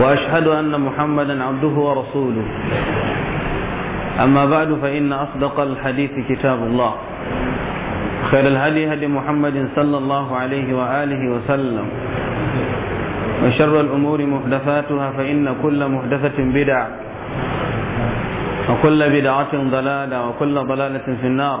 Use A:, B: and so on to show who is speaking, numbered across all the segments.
A: وأشهد أن محمدا عبده ورسوله أما بعد فإن أصدق الحديث كتاب الله خير الهدي هدي محمد صلى الله عليه وآله وسلم وشر الأمور محدثاتها فإن كل محدثة بدعة وكل بدعة ضلالة وكل ضلالة في النار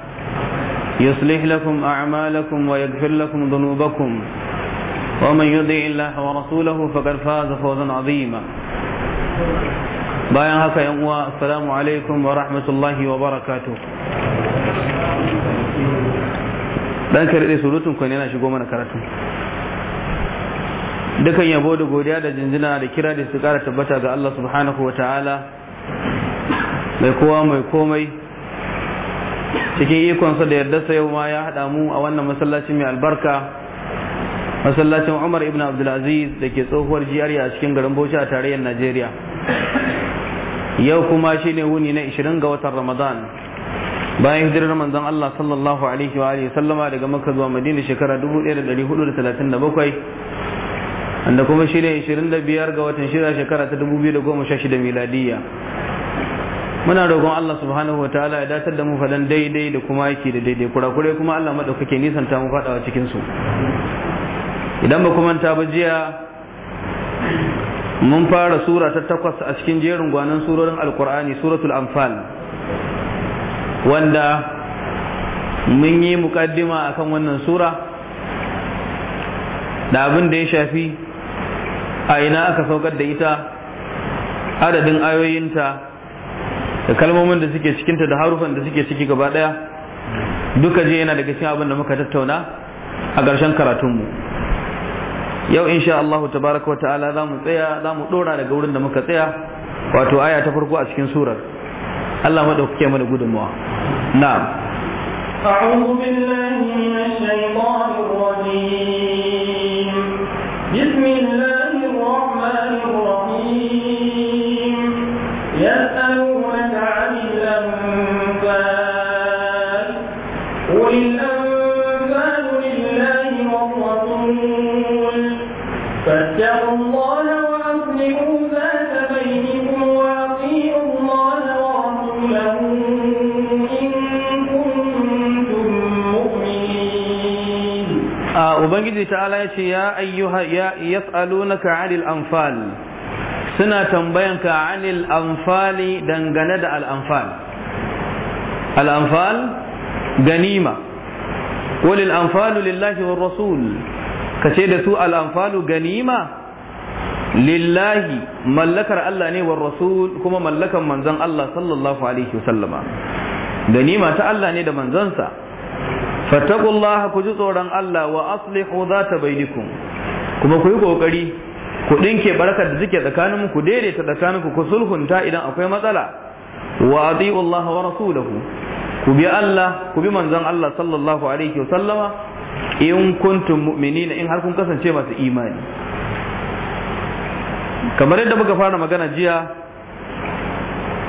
A: يصلح لكم أعمالكم ويغفر لكم ذنوبكم ومن يطع الله ورسوله فقد فاز فوزا عظيما bayan haka yan uwa assalamu alaikum wa rahmatullahi wa barakatuh dan karɗe surutun ku ne yana shigo mana karatu dukan yabo da godiya da jinjina da kira da su ƙara tabbata ga Allah subhanahu wa ta'ala mai kowa mai komai cikin ikonsa da sa yau ma ya haɗa mu a wannan masallacin mai albarka masallacin umar ibn abdulaziz da ke tsohuwar jiyar a cikin garin bauchi a tarayyar najeriya yau kuma shine wuni na 20 ga watan ramadan bayan hijirar manzon Allah sallallahu alaihi wa alihi sallama daga Makka zuwa Madina shekara 1437 wanda kuma shine 25 ga watan shida shekara ta 2016 miladiyya muna roƙon Allah subhanahu wa ta'ala ya datar da mu fadan daidai da kuma aiki da daidai kurakurai kuma Allah nisan ta mu fadawa cikin su idan ba ku manta ba jiya mun fara sura ta takwas a cikin jerin gwanan surorin alkur'ani suratul anfal wanda mun yi mukaddima akan wannan sura da abin da ya shafi a ina aka saukar da ita adadin ayoyinta da kalmomin da suke cikinta da harufan da suke ciki gaba daya duka je yana daga cikin abin da muka tattauna a ƙarshen karatunmu yau insha Allah tabaraka wa ta'ala za mu tsaya za mu dora daga wurin da muka tsaya wato aya ta farko a cikin surar Allah dauke mana gudunmawa na'am
B: أعوذ بالله من الشيطان الرجيم بسم وللأنفال لله والرسول فاتقوا الله وأصلحوا ذات بينكم وأطيعوا الله ورسوله إن كنتم مؤمنين
A: Ubangiji ta'ala ya ce ya ayyuha ya yas'alunaka 'anil anfal suna tambayanka 'anil anfali dangane da al-anfal al-anfal ganima walil da su al ganima lillahi mallakar Allah ne ta Allah ne da manzansa fattaqullaha ku tsoron Allah kuma ku yi kokari da suke tsakanin ku daidaita tsakaninku ku sulhunta idan akwai matsala wa Allah wa rasulahu ku bi Allah ku bi manzon Allah sallallahu alaihi wa sallama in kuntum mu'minina in har kun kasance masu imani kamar yadda muka fara magana jiya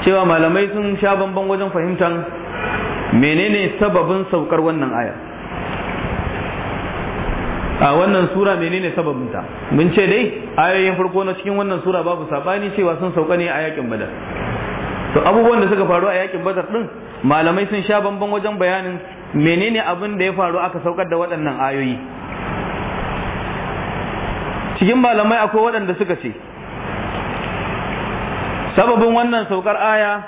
A: cewa malamai sun sha bamban wajen fahimtar menene sababin saukar wannan aya a wannan sura menene sababinta mun ce dai ayoyin farko na cikin wannan sura babu sabani cewa sun sauka ne a yakin badar to abubuwan da suka faru a yakin badar din malamai sun sha bamban wajen bayanin menene abin da ya faru aka saukar da waɗannan ayoyi cikin malamai akwai waɗanda suka ce sababin wannan saukar aya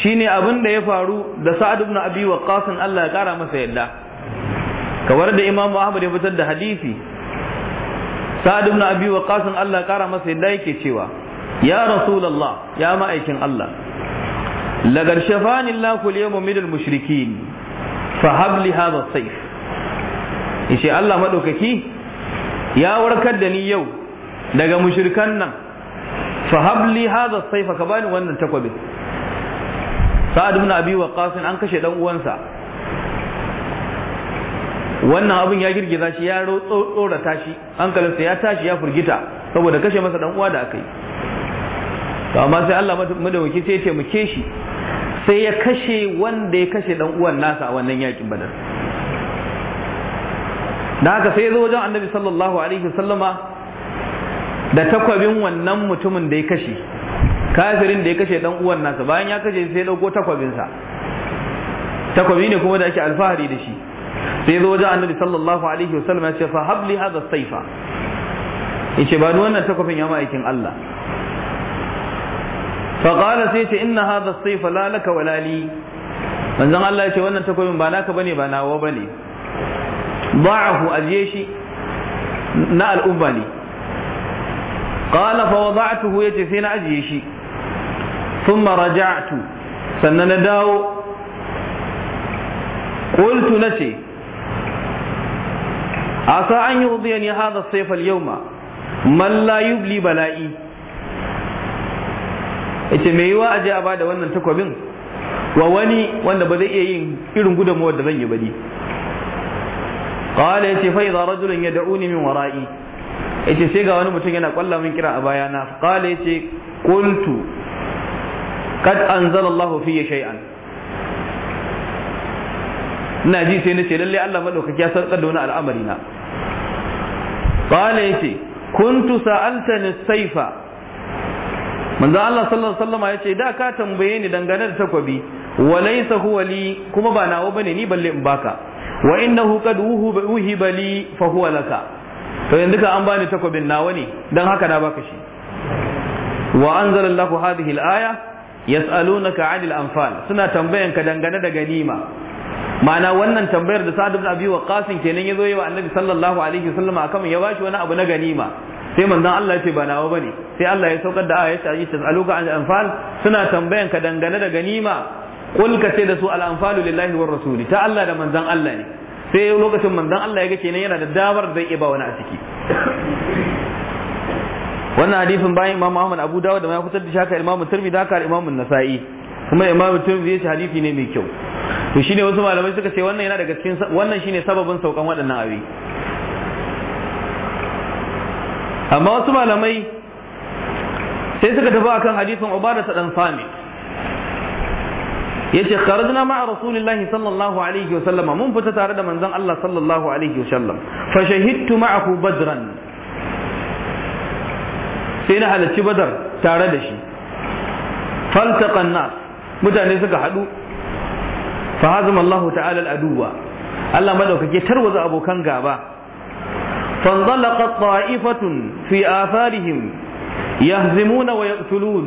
A: shine abin da ya faru da sa'ad ibn abi waqqas Allah ya kara masa yadda kamar da Imam Ahmad ya fitar da hadisi sa'ad ibn abi waqqas Allah ya kara masa yadda yake cewa ya rasulullah ya ma'aikin Allah lagar shafani Allah kul yawmu min al-mushrikin fa hab li hadha sayf yace Allah madaukaki ya warkar da ni yau daga mushrikan nan fa hab li hadha sayf ka bani wannan takwabin a ibn abi waqas an kashe dan wannan abun ya girgiza shi ya tsorata shi hankalinsa ya tashi ya furgita saboda kashe masa dan uwa da aka yi to amma sai Allah madawaki sai ya taimake shi sai ya kashe wanda ya kashe dan uwan nasa a wannan yakin badar da haka sai ya zo wajen annabi sallallahu alaihi wasallama da takwabin wannan mutumin da ya kashe kafirin da ya kashe dan uwan nasa bayan ya kashe sai ya dauko takwabinsa takwabi ne kuma da ake alfahari da shi sai ya zo wajen annabi sallallahu alaihi wasallama ya ce fa habli hadha saifa yace ba ni wannan takwabin ya ma aikin Allah faƙala sai ce inna hadha sayfa la laka wala li Allah ya ce wannan takobin ba naka bane ba nawa bane da'ahu ajiye shi na al'umma ne qala fa ya ce sai na ajiye shi Sun mara raja'tu sannan na dawo na ce. asa an yi ya hadha sayfa al-yawma man la yubli bala'i yace me yiwa aje a bada wannan takwabin wa wani wanda ba zai iya yin irin gudunmuwar da zan yi bari qala yace fa idza rajulun yad'uni min wara'i yace sai ga wani mutum yana kwalla min kira a bayana qala yace qultu kad anzalallahu fi shay'an ina ji sai nace lalle Allah madaukaki ya sarkar da wani al'amari na qala yace kuntu sa'altani saifa manzo Allah sallallahu alaihi wasallam ya ce da ka tambaye ni dangane da takwabi wa laysa huwa li kuma ba nawa bane ni balle in baka wa innahu qad uhiba bali fa huwa laka to yanzu ka an bani takwabin nawa ne dan haka na baka shi wa anzalallahu hadhihi al-aya yas'alunaka 'anil anfal suna tambayan ka dangane da ganima ma'ana wannan tambayar da Sa'ad ibn Abi Waqqas kenan yazo yi wa Annabi sallallahu alaihi wasallam akan ya bashi wani abu na ganima sai manzon Allah ya ce ba nawa bane sai Allah ya saukar da aya a ce aluka an anfal suna tambayan ka dangane da ganima qul ka ce da su al anfalu lillahi war rasuli ta Allah da manzon Allah ne sai lokacin manzon Allah ya ga kenan yana da damar zai iya ba wani a ciki wannan hadisin bayan Imam Ahmad Abu Dawud da ma ya da shaka Imam Tirmidhi da kar Imam Nasa'i kuma Imam Tirmidhi ya ce hadisi ne mai kyau to shine wasu malamai suka ce wannan yana daga cikin wannan shine sababin saukan waɗannan ayoyi amma wasu malamai sai suka tafi akan hadisin ubada ta dan sami yace kharajna ma'a rasulillahi sallallahu alaihi wa sallama mun fita tare da manzon Allah sallallahu alaihi wa sallam fa shahidtu ma'ahu badran sai na halarci badar tare da shi faltaqan nas mutane suka hadu fa hazama Allah ta'ala al-aduwa Allah madaukake tarwaza abokan gaba فانطلقت طائفة في آثارهم يهزمون ويقتلون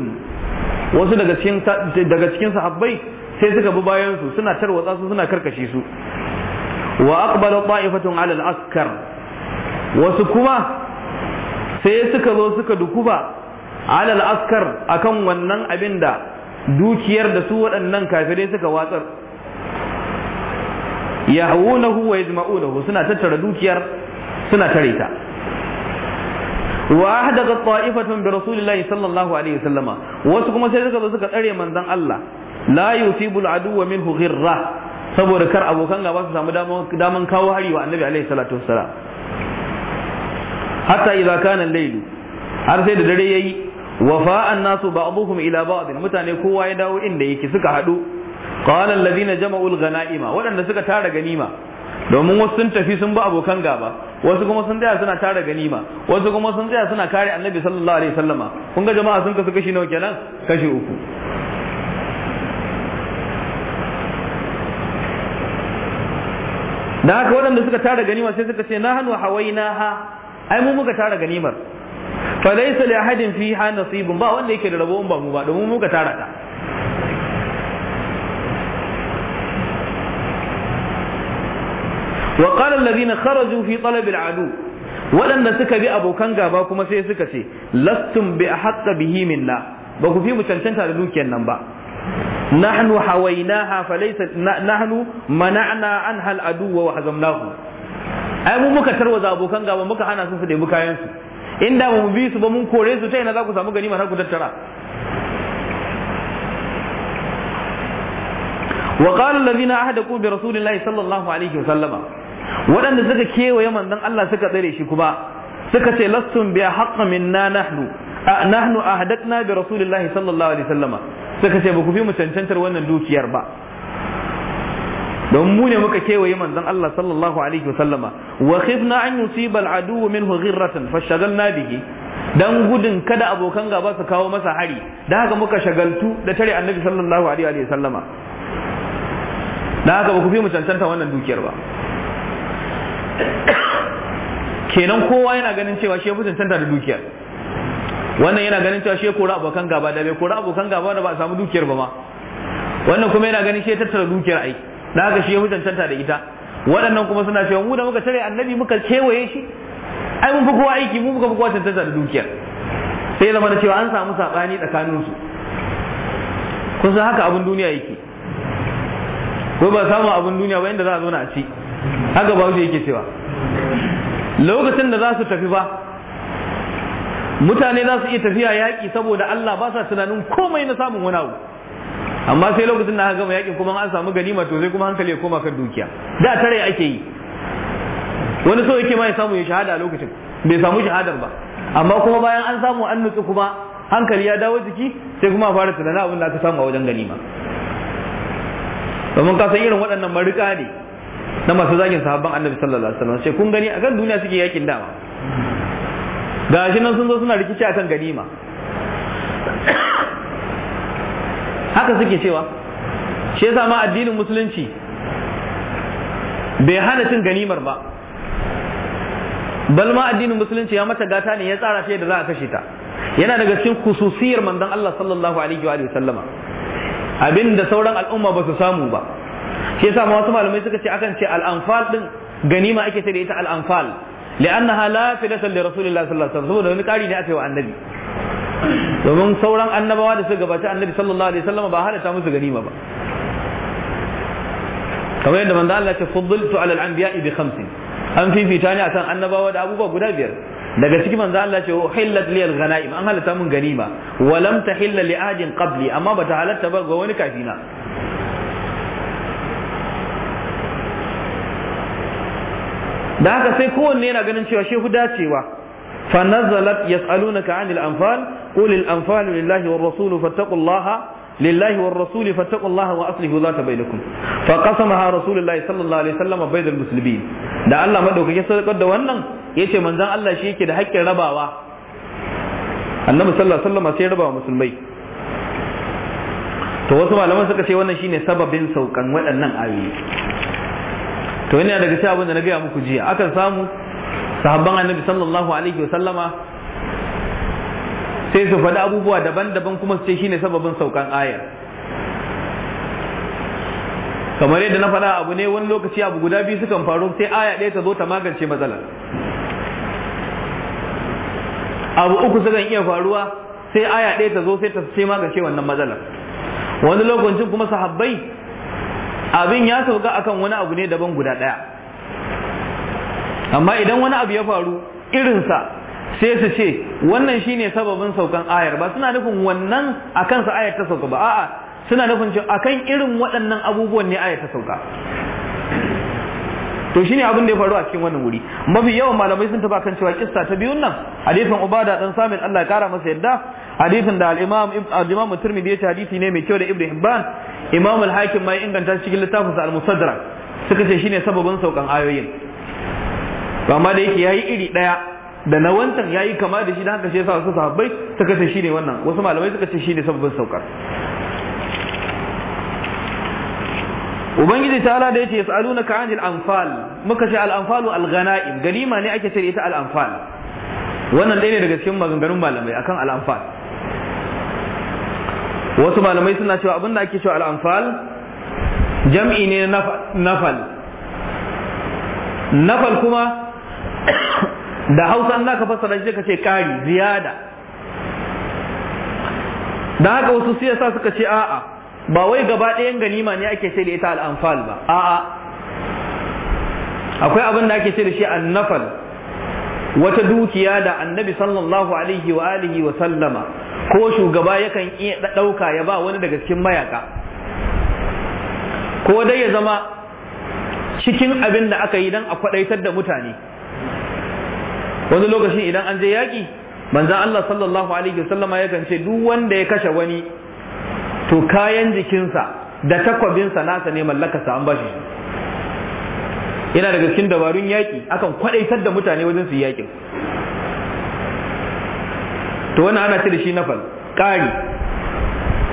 A: wasu daga cikin daga cikin sahabbai sai suka bi bayan su suna tarwatsa su suna karkashe su wa aqbala ta'ifatun 'ala al-askar wasu kuma sai suka zo suka dukufa 'ala al-askar akan wannan abin da dukiyar da su waɗannan kafirai suka watsar yahwunahu wa yajma'unahu suna tattara dukiyar suna tare ta wa daga ta'ifatun bi rasulillahi sallallahu alaihi wasallama wasu kuma sai suka zo suka tsare manzon Allah la yusibul aduwwa minhu ghirra saboda kar abokan gaba su samu daman kawo hari wa annabi alaihi salatu wassalam hatta idza kana al-layl har sai da dare yayi wafa'an nasu ba'dhum ila ba'd mutane kowa ya dawo inda yake suka hadu qala alladhina jama'u al-ghanaima wadanda suka tara ganima domin wasu sun tafi sun bi abokan gaba wasu kuma sun tsaya suna tara ganima wasu kuma sun tsaya suna kare annabi sallallahu alaihi wasallama kun ga jama'a sun kasu kashi nawa kenan kashi uku da haka waɗanda suka tara ganima sai suka ce na hannu hawaina ha ai mu muka tara ganimar fa laysa li ahadin fiha nasibun ba wanda yake da rabo ba mu ba domin muka tara ta wa qala alladhina kharaju fi talab al'adu waɗanda suka bi abokan gaba kuma sai suka ce lastum bi ahqqa bihi ba ku fi mu cancanta da dukiyar nan ba nahnu hawainaha falaysa nahnu mana'na anha al'adu wa ai mu muka tarwaza abokan gaba muka hana su su debi kayan su inda mu bi su ba mun kore su ta ina za ku samu gani har ku tattara وقال الذين عهدكم برسول الله صلى الله عليه وسلم waɗanda suka kewaye manzon Allah suka tsare shi kuma suka ce lastum bi haqqa minna nahnu nahnu ahdakna bi rasulillahi sallallahu alaihi wasallama suka ce ba ku fi mu cancantar wannan dukiyar ba don mu ne muka kewaye manzon Allah sallallahu alaihi wasallama wa khifna an yusiba al-adu minhu ghirratan fashagalna bihi dan gudun kada abokan gaba su kawo masa hari da haka muka shagaltu da tare annabi sallallahu alaihi wasallama da haka ba ku fi mu cancanta wannan dukiyar ba kenan kowa yana ganin cewa shi ya fi cancanta da dukiyar wannan yana ganin cewa shi ya kora abokan gaba da bai kora abokan gaba da ba a samu dukiyar ba ma wannan kuma yana ganin shi ya tattara dukiyar ai da haka shi ya fi cancanta da ita waɗannan kuma suna cewa mu da muka tare annabi muka kewaye shi ai mun fi kowa aiki mu muka fi kowa cancanta da dukiyar sai zama da cewa an samu saɓani tsakaninsu kun san haka abin duniya yake ko ba samu abin duniya ba inda za a zo na a ci haka ba yake cewa lokacin da za su tafi ba mutane za su iya tafiya yaƙi saboda Allah ba sa tunanin komai na samun wani abu amma sai lokacin da aka gama yaƙin kuma an samu ganima to sai kuma hankali ya koma kan dukiya da tare ake yi wani so yake ma ya samu ya shahada a lokacin bai samu shahadar ba amma kuma bayan an samu an nutsu kuma hankali ya dawo jiki sai kuma a fara tunanin abin da aka samu a wajen ganima domin ka san irin waɗannan marika ne na masu zagin sahabban annabi sallallahu alaihi wasallam sai kun gani akan duniya suke yakin dama gashi nan sun zo suna rikici akan ganima haka suke cewa shi yasa ma addinin musulunci bai hana cin ganimar ba bal ma addinin musulunci ya mata gata ne ya tsara ta da za a kashe ta yana daga cikin khususiyar manzon Allah sallallahu alaihi wa sallama abinda sauran al'umma ba su samu ba shi yasa ma wasu malamai suka ce akan ce al din ganima ake ce da ita al-anfal li'annaha la fidata li rasulillahi sallallahu alaihi wasallam saboda wani kari ne aka yi wa annabi domin sauran annabawa da suka gabata annabi sallallahu alaihi wasallam ba halatta musu ganima ba kamar yadda manzo Allah ya ce fuddiltu ala al-anbiya'i bi khamsin an fifita ni akan annabawa da abubuwa guda biyar daga ciki manzo Allah ce uhillat li al-ghanaim an halatta mun ganima wa lam tahilla li ahadin qabli amma bata halatta ba ga wani kafina da haka sai kowanne yana ganin cewa shehu dacewa fa nazalat yas'alunaka 'anil anfal qul al anfal lillahi war rasul fattaqullaha لله والرسول فاتقوا الله واصلحوا ذات بينكم Fa رسول الله صلى الله عليه وسلم بين المسلمين da Allah madaukake sadakar da wannan yace manzon Allah shi yake da haƙƙin rabawa annabi sallallahu alaihi wasallam sai rabawa musulmai to wasu malaman suka ce wannan shine sababin saukan waɗannan ayoyi to yana daga cikin abin da na gaya muku jiya akan samu sahabban annabi sallallahu alaihi wasallama sai su faɗi abubuwa daban-daban kuma su ce shine sababin saukan aya kamar yadda na faɗa abu ne wani lokaci abu guda biyu sukan faru sai aya ɗaya ta zo ta magance matsalar abu uku sukan iya faruwa sai aya ɗaya ta zo sai ta sai magance wannan matsalar wani lokacin kuma sahabbai abin ya sauka akan wani abu ne daban guda ɗaya amma idan wani abu ya faru irinsa sai su ce wannan shine sababin saukan ayar ba suna nufin wannan a kansa ayar ta sauka ba a'a suna nufin cewa akan irin waɗannan abubuwan ne ayar ta sauka to shine abin da ya faru a cikin wannan wuri mafi yawan malamai sun taba kan cewa kissa ta biyun nan hadisin ubada dan samin Allah ya kara masa yadda hadisin da al-imam al-imam tirmidhi ya ce hadisi ne mai kyau da Ibrahim hibban imam al-hakim ma inganta cikin littafin sa al-musaddara suka ce shine sababin saukan ayoyin to amma da yake yayi iri daya da na wancan yayi kama da shi da haka shi yasa su sahabbai suka ce shine wannan wasu malamai suka ce shine sababin saukar ubangiji ta'ala da yace ka 'anil anfal muka ce al-anfalu al-ghanaim ganima ne ake ce ita al-anfal wannan ɗaya ne daga cikin maganganun malamai akan al'amfal wasu malamai suna cewa abinda ake cewa al'amfal jam'i ne nafal nafal kuma da hausa an ka fassara shi ka ce ƙari ziyada don haka wasu siyasa suka ce a'a ba wai gaba ɗayan ganima ne ake ce da ita al'amfal ba a'a akwai abin da ake ce da shi an nafal wata dukiya da annabi sallallahu alaihi wa alihi wa sallama ko shugaba yakan iya ɗauka ya ba wani daga cikin mayaka ko dai ya zama cikin abin da aka yi dan a kwadaitar da mutane wani lokacin idan an je yaƙi manzan Allah sallallahu alaihi wa sallama yakan ce duk wanda ya kashe wani to kayan jikinsa da takwabinsa nasa ne mallakarsa an bashi yana daga cikin dabarun yaƙi akan kwadaitar da mutane wajen su yaƙin to wannan ana ce da shi nafal ƙari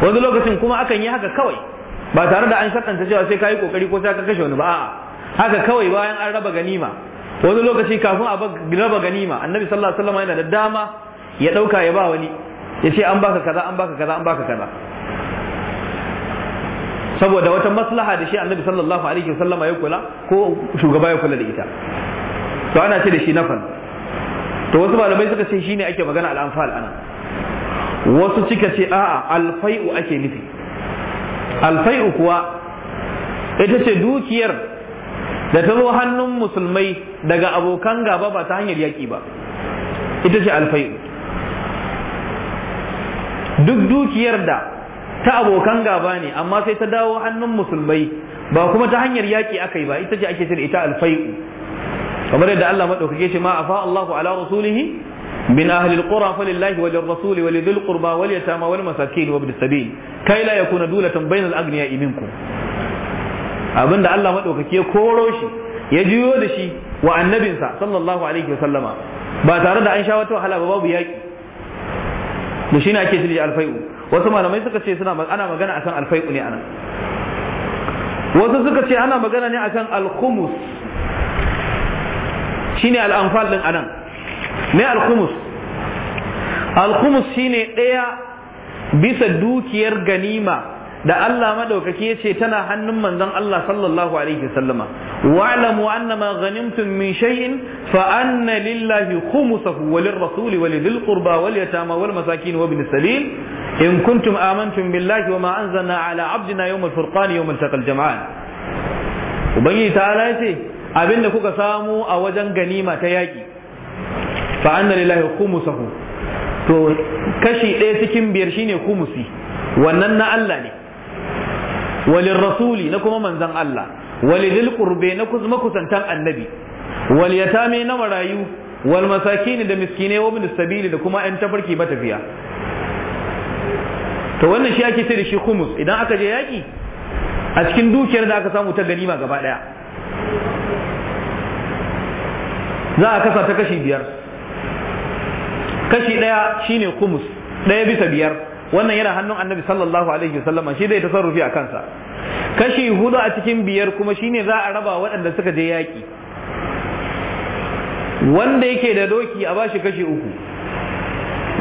A: wani lokacin kuma akan yi haka kawai ba tare da an sakanta cewa sai ka yi kokari ko sai ka kashe wani ba a'a haka kawai bayan an raba ganima wani lokaci kafin a raba ganima annabi sallallahu alaihi wasallam yana da dama ya dauka ya ba wani ya ce an baka kaza an baka kaza an baka kaza saboda wata maslaha da shi annabi sallallahu alaihi wasallama ya kula ko shugaba ya kula da ita to ana ce da shi nafal to wasu malamai suka ce shine ake magana anfal ana wasu suka ce a'a alfai'u ake nufi alfai'u kuwa ita ce dukiyar da ta zo hannun musulmai daga abokan gaba ba ta hanyar yaƙi ba ita ce alfai'u duk dukiyar da ta abokan gaba ne amma sai ta dawo hannun musulmai ba kuma ta hanyar yaƙi aka yi ba ita ce ake cire ita alfai'u kamar yadda Allah madaukake shi ma afa Allahu ala rasulihi من أهل القرى فلله وللرسول ولذي القربى واليتامى والمساكين وابن السبيل كي لا يكون دولة بين الأغنياء منكم abin da Allah maɗaukaki ya koro shi ya juyo da shi wa annabinsa sallallahu alaihi wa sallama. ba tare da an sha wata wahala ba babu yaƙi da shi ne ake shirya alfai'u wasu malamai suka ce suna ana magana akan alfai'u ne anan, wasu suka ce ana magana ne akan alkhumus shine al'amfal din anan me alkhumus alkhumus shine ɗaya bisa dukiyar ganima da Allah madaukaki ya ce tana hannun manzon Allah sallallahu alaihi wasallama wa'lamu annama ghanimtum min shay'in fa anna lillahi khumsahu wa lirrasuli wa lidhil qurba wal yatama wal masakin wa ibn sabil in kuntum amantum billahi wa ma anzalna ala abdina yawm al furqan yawm al taqal jam'an ubangiji ta'ala ya abinda kuka samu a wajen ganima ta yaki fa anna lillahi khumsahu to kashi ɗaya cikin biyar shine khumsi wannan na Allah ne walin rasuli na kuma manzan Allah walidil qurbe na makusantan annabi wal yatame na marayu wal masakini da miskine wa da kuma yan tafarki matafiya to wannan shi ake ce da shi khumus idan aka je yaki a cikin dukiyar da aka samu ta ganima gaba ɗaya. za a kasa ta kashi biyar kashi ɗaya shine khumus ɗaya bisa biyar wannan yana hannun annabi sallallahu alaihi wasallama shi zai tasarrufi a kansa kashi hudu a cikin biyar kuma shine za a raba waɗanda suka je yaƙi wanda yake da doki a bashi kashi uku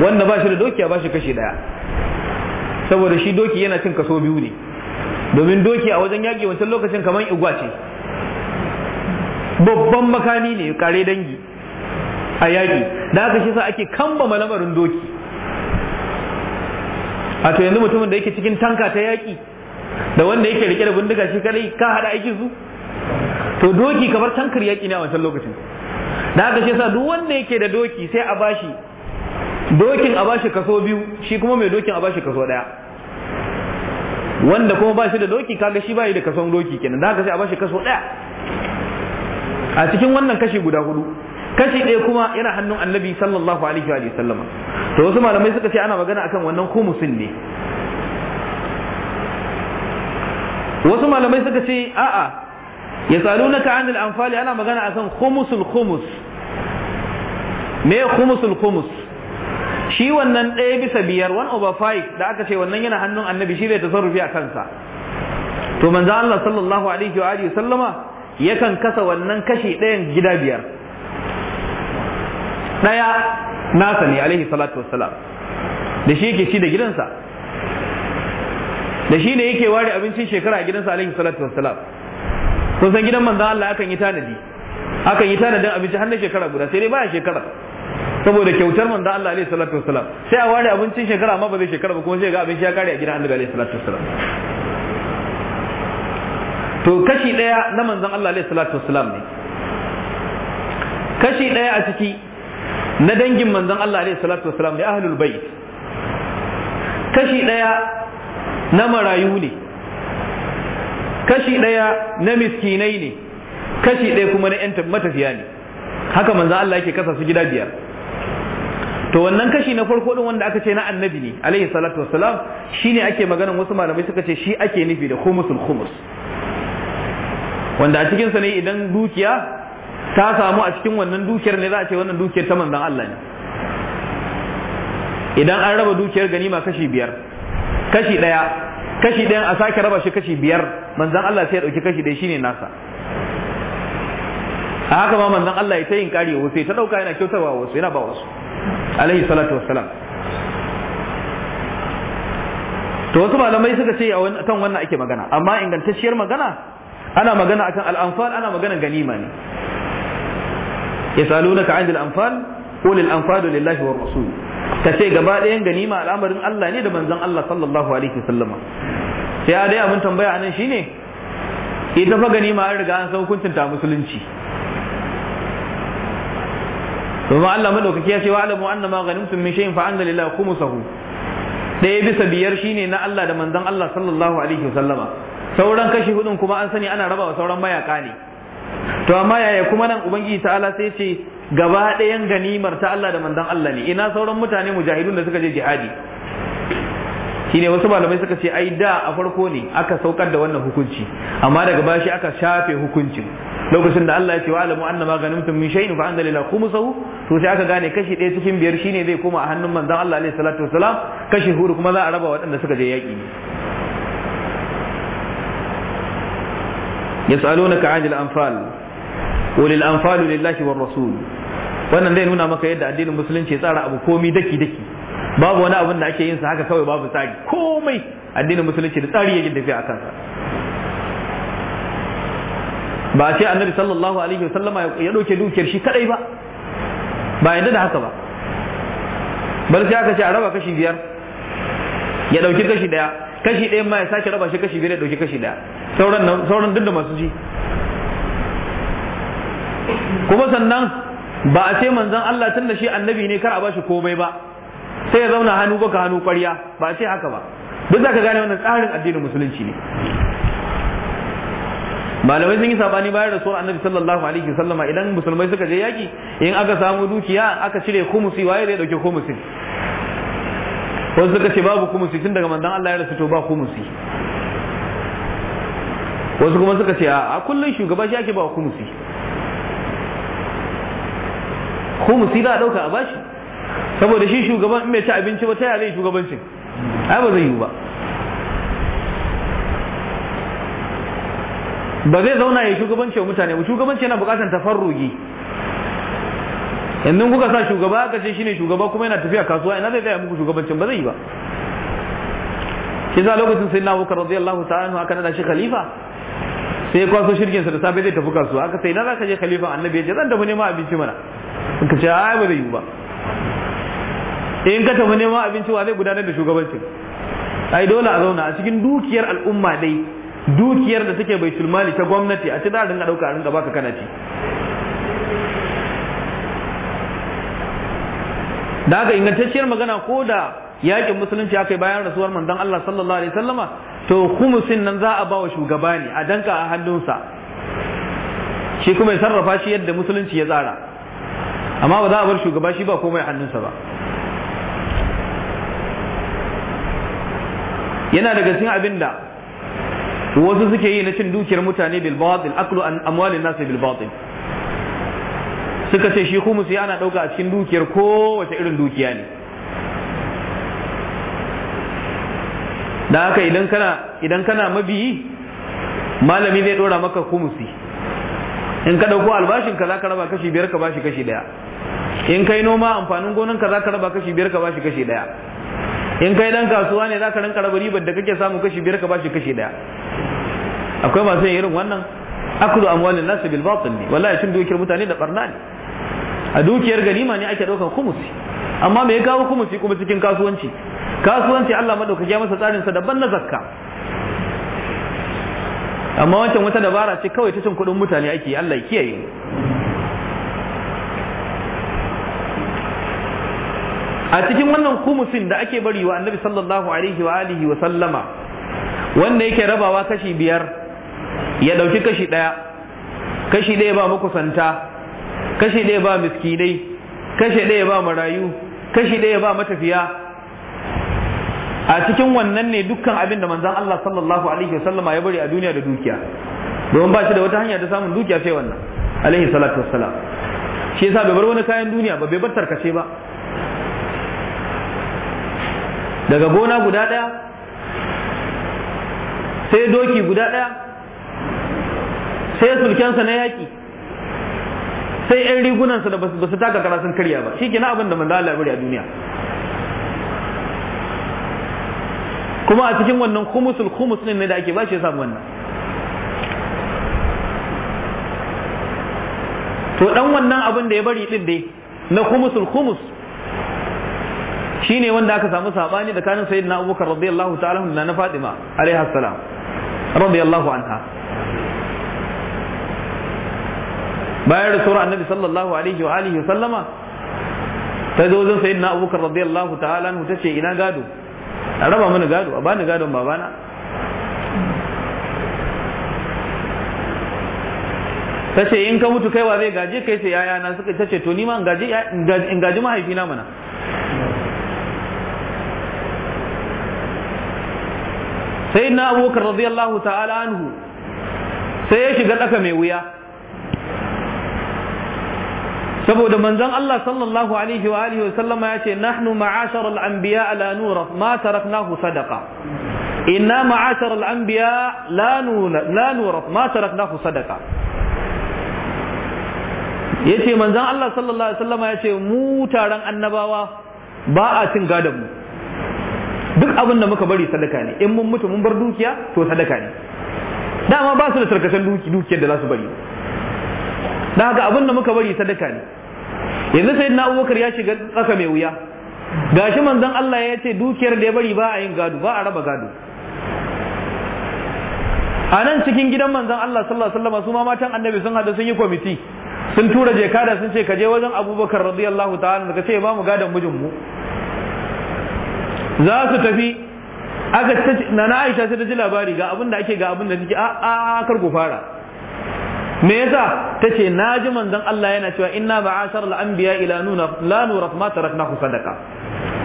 A: wanda ba shi da doki a bashi kashi ɗaya saboda shi doki yana cin kaso biyu ne domin doki a wajen yaƙi wancan lokacin kamar igwa ce babban makami ne kare dangi a yaƙi da haka shi sa ake kamba lamarin doki a to yanzu mutumin da yake cikin tanka ta yaƙi da wanda yake rike da bindiga shi kadai ka hada aikin su to doki kamar tankar yaƙi ne a wancan lokacin da haka shi yasa duk wanda yake da doki sai a bashi dokin a bashi kaso biyu shi kuma mai dokin a bashi kaso daya wanda kuma ba shi da doki kaga shi bai da kason doki kenan da haka sai a bashi kaso daya a cikin wannan kashi guda hudu kashi ɗaya kuma yana hannun annabi sallallahu alaihi wa sallama to wasu malamai suka ce ana magana akan wannan kumusin ne wasu malamai suka ce a'a ya salu na ka'an al'amfali ana magana akan khumusul khumus me khumusul khumus shi wannan ɗaya bisa biyar one over five da aka ce wannan yana hannun annabi shi ne tasarrufi a kansa to manzo Allah sallallahu alaihi wa alihi sallama yakan kasa wannan kashi ɗayan gida biyar daya nasa ne alaihi salatu wassalam da shi yake shi da gidansa da shi ne yake ware abincin shekara a gidansa alaihi salatu wassalam sun san gidan manzan Allah akan yi tanadi akan yi tanadin abinci har na shekara guda sai dai baya shekara saboda kyautar manzan Allah alaihi salatu wassalam sai a ware abincin shekara amma ba zai shekara ba kuma sai ga abinci ya kare a gidan Annabi alaihi salatu wassalam to kashi daya na manzan Allah alaihi salatu wassalam ne kashi daya a ciki na dangin manzon Allah alaihi salatu wasalam da ahlul bait kashi daya na marayu ne kashi daya na miskinai ne kashi daya kuma na 'yan matafiya ne haka manzon Allah yake kasa su gida biyar to wannan kashi na farko din wanda aka ce na annabi ne alaihi salatu wassalam shine ake magana wasu malamai suka ce shi ake nufi da khumusul khumus wanda a cikin sa ne idan dukiya ta samu a cikin wannan dukiyar ne za a ce wannan dukiyar ta manzan Allah ne idan an raba dukiyar ganima kashi biyar kashi ɗaya kashi ɗayan a sake raba shi kashi biyar manzan Allah sai ya ɗauki kashi ɗaya shine nasa a haka ma manzan Allah ya ta yin kari wasu ta ɗauka yana kyautarwa wasu yana ba wasu alaihi salatu wassalam to wasu malamai suka ce a kan wannan ake magana amma ingantacciyar magana ana magana akan al'amfal ana magana ganima ne yasalunaka anil anfal qul al anfalu lillahi war rasul kace gaba ɗayan ganima al'amarin Allah ne da manzon Allah sallallahu alaihi wasallama sai a dai abin tambaya anan shine ita fa ganima an riga an san hukuncin ta musulunci domin Allah madaukaki ya ce wa alamu annama ghanimtum min shay'in fa anna lillahi khumsahu ɗaya bisa biyar shine na Allah da manzon Allah sallallahu alaihi wasallama sauran kashi hudun kuma an sani ana rabawa sauran mayaka ne to amma yaya kuma nan ubangiji ala sai ce gaba ɗayan ganimar ta Allah da manzon Allah ne ina sauran mutane mujahidun da suka je jihadi shine wasu malamai suka ce ai da a farko ne aka saukar da wannan hukunci amma daga shi aka shafe hukuncin lokacin da Allah ya ce wa alamu annama ganimtum min shay'in fa anzal ila khumsahu to sai aka gane kashi ɗaya cikin biyar shine zai koma a hannun manzon Allah alaihi salatu wasalam kashi huru kuma za a raba waɗanda suka je yaƙi yas'alunaka 'anil anfal qul al anfalu lillahi war rasul wannan zai nuna maka yadda addinin musulunci ya tsara abu komi daki daki babu wani abin da ake yin sa haka kawai babu tsari komai addinin musulunci da tsari yake tafiya a kansa ba a ce annabi sallallahu alaihi wasallama ya ɗauke dukiyar shi kadai ba ba yadda da haka ba bar sai aka ce a raba kashi biyar ya ɗauki kashi ɗaya kashi ɗaya ma ya sake raba shi kashi biyu da ɗauki kashi ɗaya sauran sauran duk da masu ji kuma sannan ba a ce manzon Allah tun da shi annabi ne kar a bashi komai ba sai ya zauna hannu baka hannu kwarya ba a ce haka ba duk za ka gane wannan tsarin addinin musulunci ne malamai sun yi sabani bayan rasuwar annabi sallallahu alaihi wasallama idan musulmai suka je yaki in aka samu dukiya aka cire kumusi waye zai dauke kumusin wasu suka ce babu kumusi tun daga manzon Allah ya rasu to ba kumusi wasu kuma suka ce a kullum shugaba shi ake ba kumusi kumusi za a ɗauka a bashi saboda shi shugaban in bai ci abinci ba ta yare zai shugabancin ai ba zai yi ba ba zai zauna ya shugabanci wa mutane ba shugabanci yana bukatar tafarrugi yanzu kuka sa shugaba aka ce shine shugaba kuma yana tafiya kasuwa ina zai gaya muku shugabancin ba zai yi ba shi za lokacin sai na abubakar radiyallahu ta'ala aka nada shi khalifa sai ya kwaso shirkin sa da safe zai tafi kasuwa aka sai na za ka je khalifa annabi ya zan tafi neman abinci mana in ka ce ai ba zai yi ba in ka tafi nema abinci wa zai gudanar da shugabancin ai dole a zauna a cikin dukiyar al'umma dai dukiyar da take bai tulmali ta gwamnati a ce za a dinga dauka a dinga baka kana ci da haka ingantacciyar magana ko da yaƙin musulunci aka yi bayan rasuwar manzon Allah sallallahu alaihi wasallama to kumusin nan za a ba wa shugaba ne a danka a hannunsa shi kuma ya sarrafa shi yadda musulunci ya tsara amma ba za a bar shugaba shi ba komai hannunsa ba yana daga cikin abin da wasu suke yi na cin dukiyar mutane bil batil aklu amwalin nas bil batil suka ce shi ya ana ɗauka a cikin dukiyar kowace irin dukiya ne da haka idan kana idan kana mabiyi malami zai ɗora maka humusi in ka ɗauko albashin ka zaka raba kashi biyar ka bashi kashi ɗaya in kai noma amfanin gonan ka zaka raba kashi biyar ka bashi kashi ɗaya in kai dan kasuwa ne zaka rinka raba ribar da kake samu kashi biyar ka bashi kashi ɗaya akwai masu yin irin wannan akudu amwalin nasu bil batil ne wallahi cin dukiyar mutane da barna ne a dukiyar ganima ne ake ɗaukan kumusi amma me ya kawo kumusi kuma cikin kasuwanci kasuwanci Allah madaukaki ya masa tsarin sa daban na zakka amma wancan wata dabara ce kawai ta cin kuɗin mutane ake Allah ya kiyaye a cikin wannan kumusin da ake bari wa annabi sallallahu alaihi wa alihi wa sallama wanda yake rabawa kashi biyar ya ɗauki kashi ɗaya kashi ɗaya ba makusanta Kashe ɗaya ba miskinai kashe ɗaya ba marayu kashe ɗaya ba matafiya a cikin wannan ne dukkan abin da manzan Allah sallallahu alaihi wasallama ya bari a duniya da dukiya
C: domin ba shi da wata
A: hanya ta samun dukiya sai wannan alaihi salatu wassalam shi yasa bai bar wani kayan duniya ba bai bar tarkace ba daga gona guda ɗaya sai doki guda ɗaya sai sulkensa na yaƙi sai yan rigunansa da ba su taka kara sun karya ba shi na abin da manzo Allah ya a duniya kuma a cikin wannan khumusul khumus ne da ake ba shi ya samu wannan to dan wannan abin da ya bari din dai na khumusul khumus shine wanda aka samu sabani tsakanin sayyidina Abubakar radiyallahu ta'ala da na Fatima alaiha salam radiyallahu anha bayan rasuwar annabi sallallahu alaihi wa alihi sallama ta zo zan sayin na abubakar radiyallahu ta'ala ta ce ina gado a raba mana gado a bani gadon babana ta ce in ka mutu kaiwa zai gaje kai ce yaya na suka ta ce to nima in gaji mahaifina mana sai na abubakar radiyallahu ta'ala anhu sai ya shiga ɗaka mai wuya saboda manzon Allah sallallahu alaihi wa alihi wa sallama ya ce nahnu ma'ashar al-anbiya la nura ma taraknahu sadaqa inna ma'ashar al-anbiya la nura la nura ma taraknahu sadaqa yace manzon Allah sallallahu alaihi wa sallama ya ce mu taron annabawa ba a cin gadon mu duk abin da muka bari sadaka ne in mun mutu mun bar dukiya to sadaka ne dama ba su da sarkashin dukiyar da za su bari da haka abin da muka bari sadaka ne yanzu sai na abubakar ya shiga tsaka mai wuya gashi manzon Allah ya ce dukiyar da ya bari ba a yin gado ba a raba gado a nan cikin gidan manzon Allah sallallahu alaihi wasallam su ma matan annabi sun hada sun yi kwamiti sun tura jekada sun ce ka je wajen abubakar radiyallahu ta'ala daga ce ba mu gadon mu. za su tafi aka na na aisha sai ta ji labari ga abin da ake ga abin da take a a kar ku fara me yasa tace naji manzon Allah yana cewa inna ba'ashar al-anbiya ila nuna la nuraf ma taraknahu sadaqa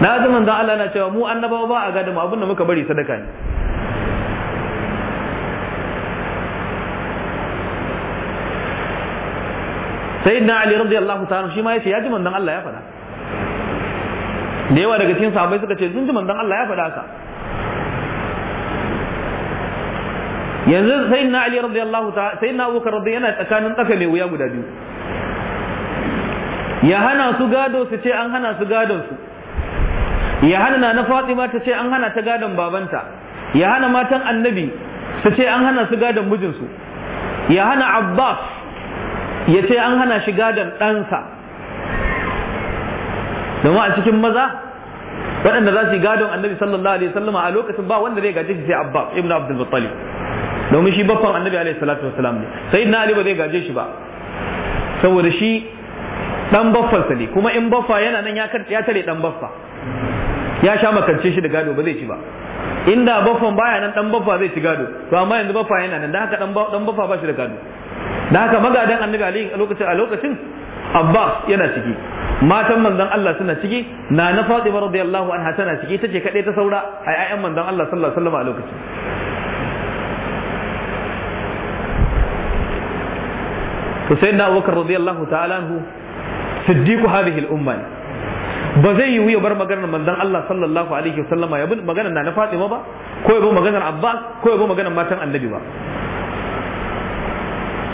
A: naji manzon Allah yana cewa mu annabawa ba a gada mu abin da muka bari sadaka ne sayyidina ali radiyallahu ta'ala shi ma yace ya ji manzon Allah ya faɗa da yawa daga cikin sahabbai suka ce sun ji manzon Allah ya faɗa sa? yanzu sayyidina ali radiyallahu ta'ala sayyidina abubakar radiyallahu yana tsakanin tsaka mai wuya guda biyu ya hana su gado su ce an hana su gadon su ya hana na fatima ta ce an hana ta gadon babanta ya hana matan annabi su ce an hana su gadon mijinsu ya hana abbas ya ce an hana shi gadon ɗansa domin a cikin maza waɗanda za su yi gadon annabi sallallahu alaihi wasallama a lokacin ba wanda zai gaji shi sai abbas ibn abdul muttalib domin shi baffan annabi alaihi salatu wasalam ne sai na ali ba zai gaje shi ba saboda shi dan baffansa ne kuma in baffa yana nan ya tare dan baffa ya sha makance shi da gado ba zai ci ba inda baffan baya nan dan baffa zai ci gado to amma yanzu baffa yana nan da haka dan baffa ba shi da gado da haka magadan annabi alaihi a lokacin a lokacin abbas yana ciki matan manzon Allah suna ciki na na Fatima radiyallahu anha tana ciki tace kadai ta saura a ƴaƴan manzon Allah sallallahu alaihi wasallam a lokacin to sai na abubakar radiyallahu ta'ala anhu siddiqu hadhihi al-umma ba zai yi ya bar maganar manzon Allah sallallahu alaihi wasallama ya bi maganar na na Fatima ba ko ya bi maganar Abbas ko ya bi maganar matan Annabi ba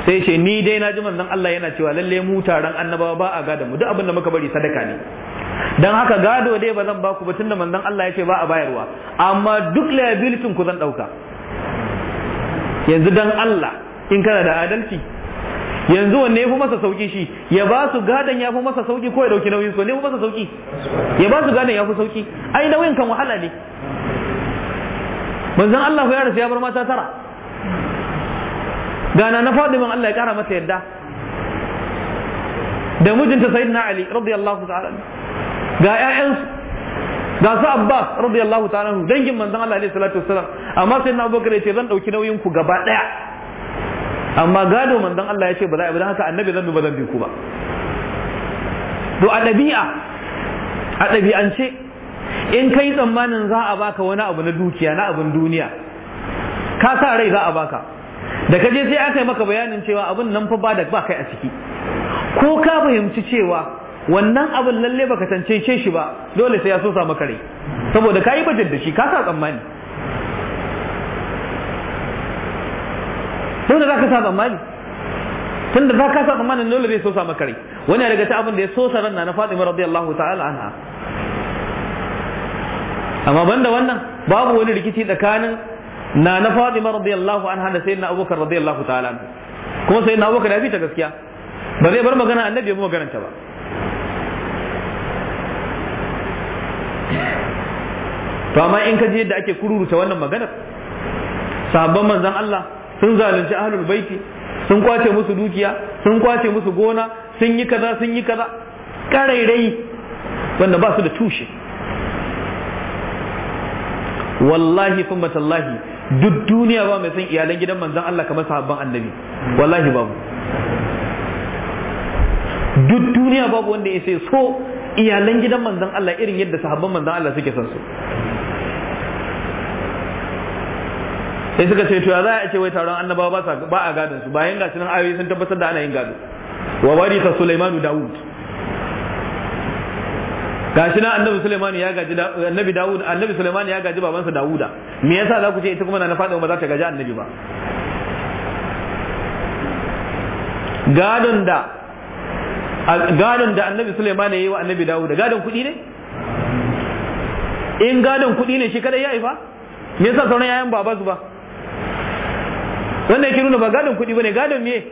A: sai ce ni dai na ji manzon Allah yana cewa lalle mu taron annabawa ba a gada mu duk abin da muka bari sadaka ne
C: dan haka gado
A: dai ba zan ba ku ba tunda manzon Allah ya ce ba a bayarwa amma duk liability ku zan dauka yanzu dan Allah in kana da adalci yanzu wanne yafi masa sauki shi ya ba su gadan yafi masa sauki ko ya dauki nauyin su ne yafi masa sauki ya ba su gadan yafi sauki ai nauyin kan wahala ne manzon Allah ya rasu ya bar mata tara gana na man Allah ya kara mata yadda da mijinta Sayyidina Ali radiyallahu ta'ala ga ƴaƴansu ga su Abbas radiyallahu ta'ala dangin manzon Allah alaihi salatu wassalam amma sai na Abubakar ce zan dauki nauyin ku gaba daya amma gado manzon Allah ya ce ba za a bi haka annabi zan bi ba zan bi ku ba to a ɗabi'a a ɗabi'ance in kai tsammanin za a baka wani abu na dukiya na abin duniya ka sa rai za a baka da ka je sai aka yi maka bayanin cewa abin nan fa ba da ba kai a ciki ko ka fahimci cewa wannan abin lalle baka tantance shi ba dole sai ya so sa maka rai saboda ka yi bajar da shi ka sa tsammani Tunda za ka sa tsammani tunda za ka sa tsammani dole zai sosa maka rai wani daga ta abin da ya sa ran na Fatima radiyallahu ta'ala anha amma banda wannan babu wani rikici tsakanin na na Fatima radiyallahu anha da sayyidina Abubakar radiyallahu ta'ala anhu kuma sayyidina Abubakar ya fita ta gaskiya ba zai bar magana annabi ya bi ta ba to amma in ka je yadda ake kururuta wannan maganar sahabban manzon Allah sun zalunci ahlul baiti sun kwace musu dukiya sun kwace musu gona sun yi kaza sun yi kaza karairai wanda ba su da tushe wallahi kuma tallahi duk duniya ba mai san iyalan gidan manzon Allah kamar sahabban annabi wallahi babu duk duniya babu wanda ya sai so iyalan gidan manzon Allah irin yadda sahabban manzon Allah suke son su sai suka ce to ya za a ce wai taron annabawa ba ba a gadon su bayan gashi nan ayoyi sun tabbatar da ana yin gado wa ta Sulaiman Dawud gashi nan annabi Sulaiman ya gaji annabi Dawud annabi Sulaiman ya gaji babansa Dawuda me yasa za ku ce ita kuma na faɗa ba za ta gaji annabi ba gadon da gadon da annabi Sulaiman ya yi wa annabi Dawuda gadon kuɗi ne in gadon kuɗi ne shi kadai ya yi fa me yasa sauran yayan baba su ba wanda yake nuna ba gadon kuɗi bane gadon me